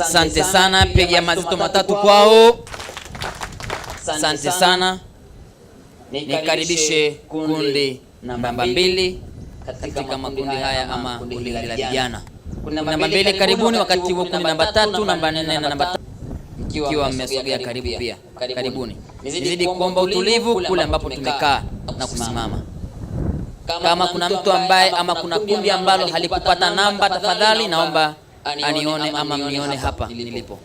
Asante sana, piga mazito matatu kwao. sante sana, nikaribishe kundi namba mbili katika makundi haya ama kundi la vijana. Namba mbili, karibuni. Wakati huo kundi namba tatu, namba nne na namba mkiwa mmesogea karibu pia, karibuni. Nizidi kuomba utulivu kule ambapo tumekaa na kusimama. Kama kuna mtu ambaye ama kuna kundi ambalo halikupata namba, tafadhali naomba anione ama mnione hapa nilipo.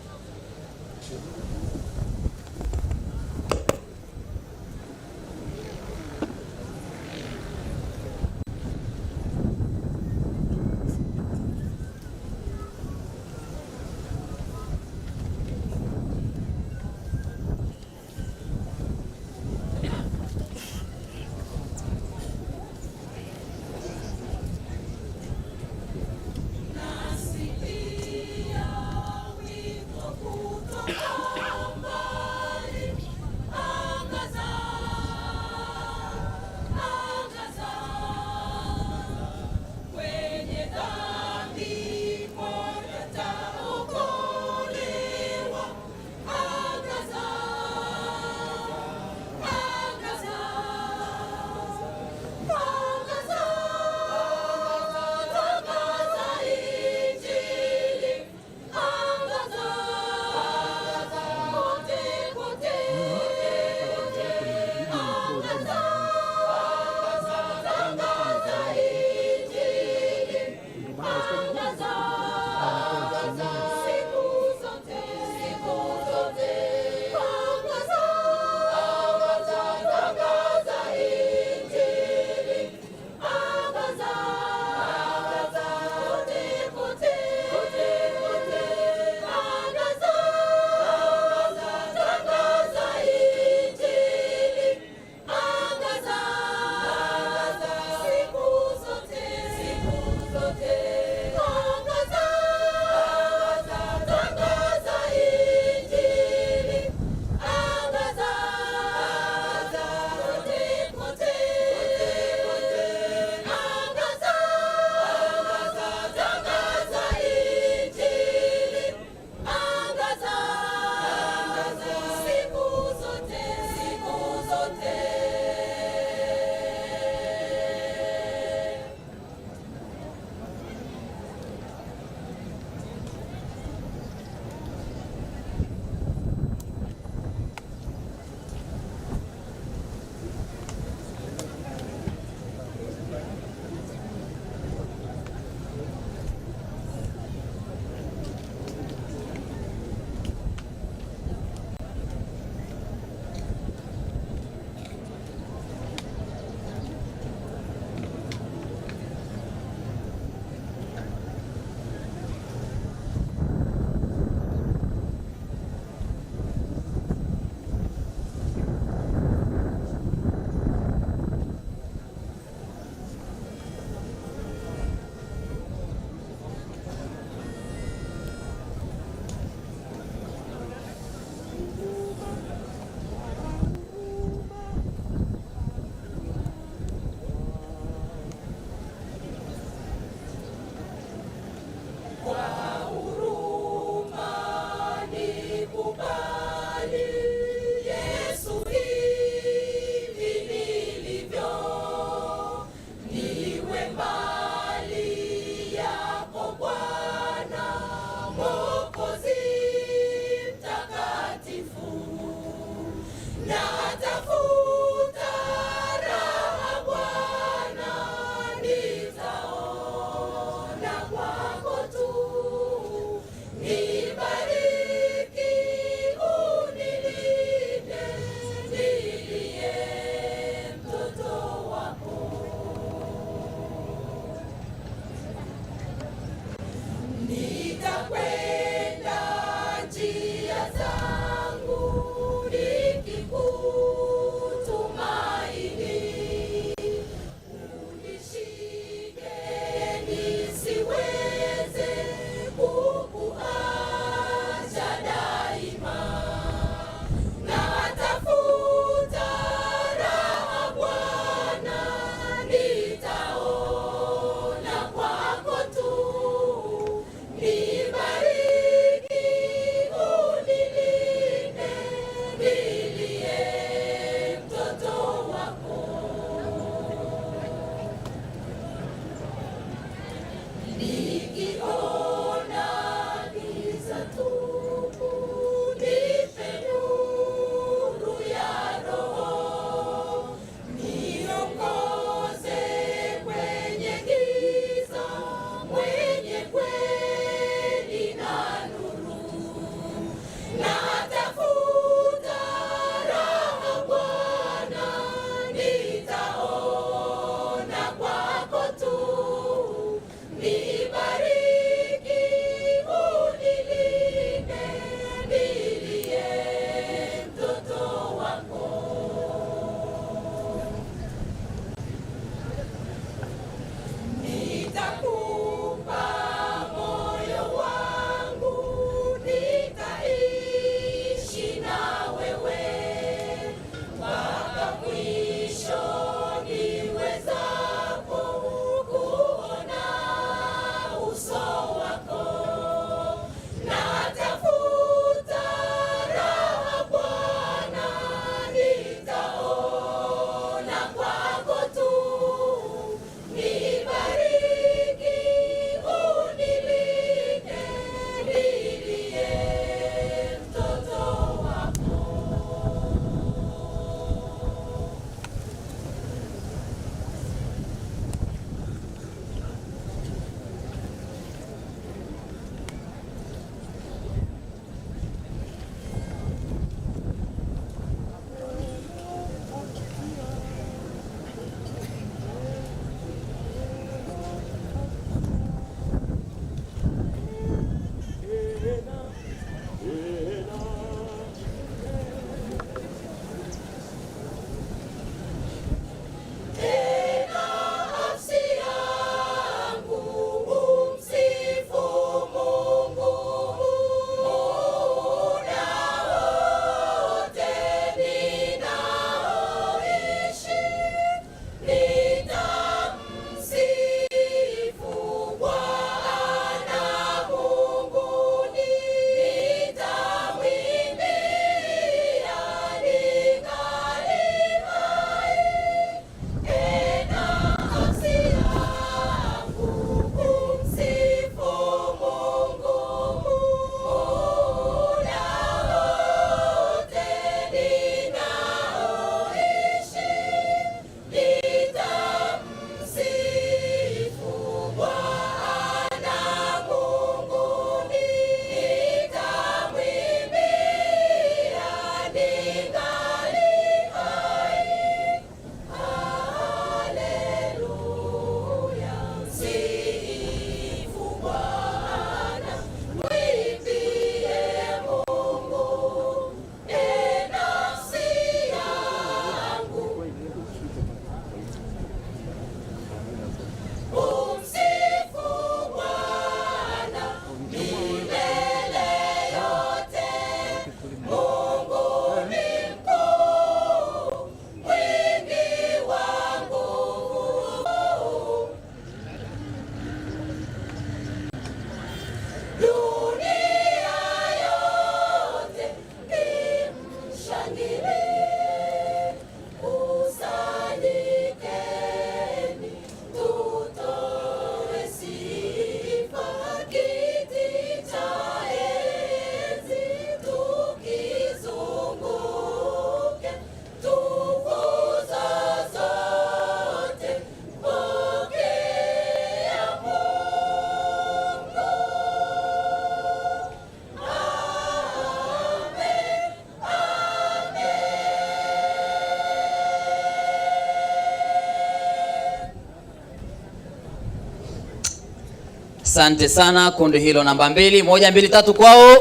Asante sana kundi hilo namba mbili, moja mbili tatu kwao.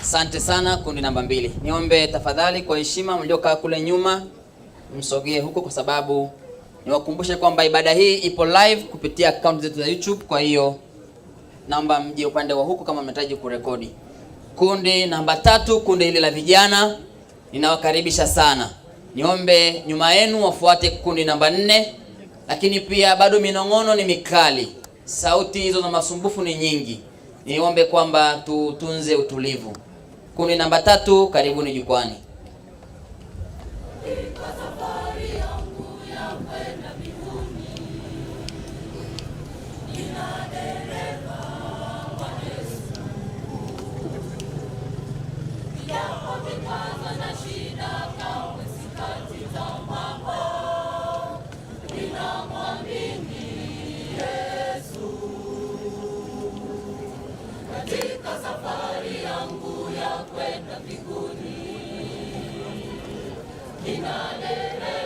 Asante sana kundi namba mbili. Niombe tafadhali kwa heshima mliokaa kule nyuma msogee huko kwa sababu niwakumbushe kwamba ibada hii ipo live kupitia account zetu za YouTube. Kwa hiyo naomba mje upande wa huko kama mnahitaji kurekodi. Kundi namba tatu, kundi hili la vijana ninawakaribisha sana. Niombe nyuma yenu wafuate kundi namba nne, lakini pia bado minong'ono ni mikali sauti hizo za masumbufu ni nyingi. Niombe kwamba tutunze utulivu. Kundi namba tatu, karibuni jukwani. Dinare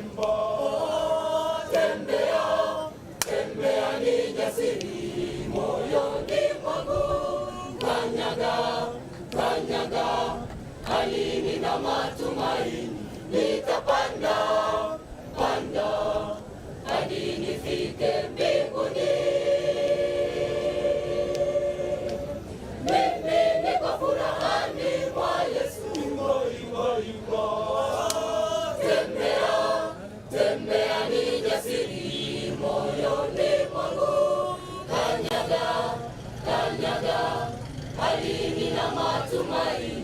Simba. ni jasiri moyoni mwangu, kanyaga kanyaga hadi nina matumaini